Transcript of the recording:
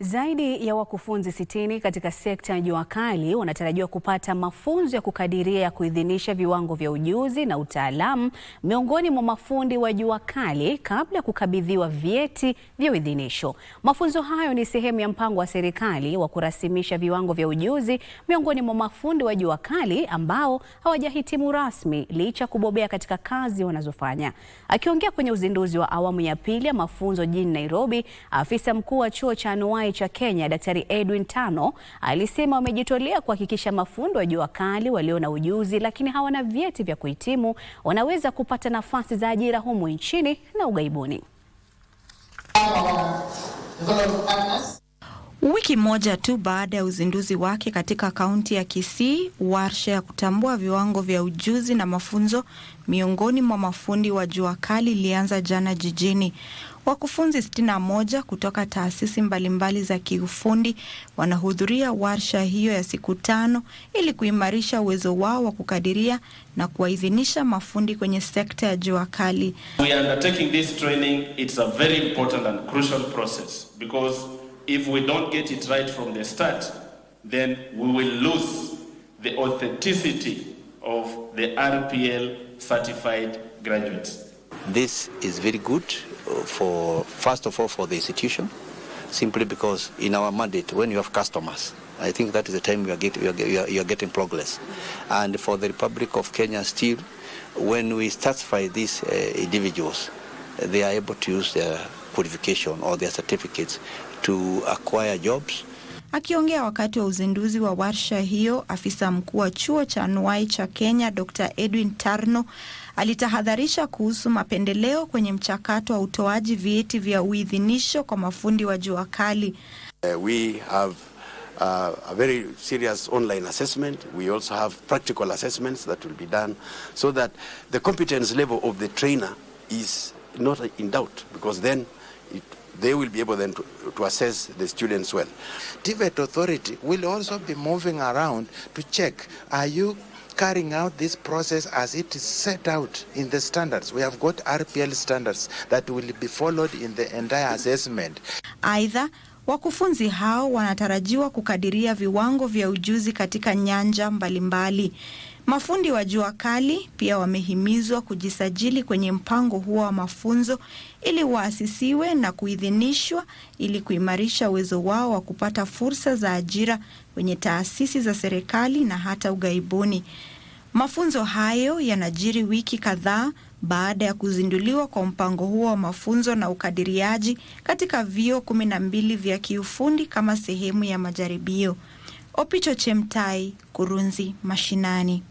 Zaidi ya wakufunzi sitini katika sekta ya jua kali wanatarajiwa kupata mafunzo ya kukadiria ya kuidhinisha viwango vya ujuzi na utaalamu miongoni mwa mafundi wa jua kali kabla ya kukabidhiwa vyeti vya uidhinisho. Mafunzo hayo ni sehemu ya mpango wa serikali wa kurasimisha viwango vya ujuzi miongoni mwa mafundi wa jua kali ambao hawajahitimu rasmi licha kubobea katika kazi wanazofanya. Akiongea kwenye uzinduzi wa awamu ya pili ya mafunzo jijini Nairobi, afisa mkuu wa chuo cha anuwai hai cha Kenya, Daktari Edwin Tano alisema wamejitolea kuhakikisha mafundo wa jua kali walio na ujuzi lakini hawana vyeti vya kuhitimu wanaweza kupata nafasi za ajira humu nchini na ughaibuni. Wiki moja tu baada ya uzinduzi wake katika kaunti ya Kisii, warsha ya kutambua viwango vya ujuzi na mafunzo miongoni mwa mafundi wa jua kali ilianza jana jijini. Wakufunzi 61 kutoka taasisi mbalimbali za kiufundi wanahudhuria warsha hiyo ya siku tano ili kuimarisha uwezo wao wa kukadiria na kuwaidhinisha mafundi kwenye sekta ya jua kali. We are undertaking this training. It's a very important and crucial process because if we don't get it right from the start, then we will lose the authenticity of the RPL certified graduates. This is very good uh, for, first of all, for the institution, simply because in our mandate, when you have customers, I think that is the time you are, get, you, are, you are getting progress. And for the Republic of Kenya still, when we certify these uh, individuals, they are able to use their qualification or their certificates to acquire jobs. Akiongea wakati wa uzinduzi wa warsha hiyo, afisa mkuu wa chuo cha anuwai cha Kenya Dr. Edwin Tarno alitahadharisha kuhusu mapendeleo kwenye mchakato wa utoaji vieti vya uidhinisho kwa mafundi wa jua kali. Uh, we have Uh, a very serious online assessment. We also have practical assessments that will be done so that the competence level of the trainer is not in doubt because then it they will be able then to, to assess the students well. Tibet Authority will also be moving around to check, are you carrying out this process as it is set out in the standards. We have got RPL standards that will be followed in the entire assessment. Either Wakufunzi hao wanatarajiwa kukadiria viwango vya ujuzi katika nyanja mbalimbali. Mafundi wa jua kali pia wamehimizwa kujisajili kwenye mpango huo wa mafunzo ili waasisiwe na kuidhinishwa ili kuimarisha uwezo wao wa kupata fursa za ajira kwenye taasisi za serikali na hata ughaibuni. Mafunzo hayo yanajiri wiki kadhaa baada ya kuzinduliwa kwa mpango huo wa mafunzo na ukadiriaji katika vyuo kumi na mbili vya kiufundi kama sehemu ya majaribio. Opicho Chemtai, Kurunzi Mashinani.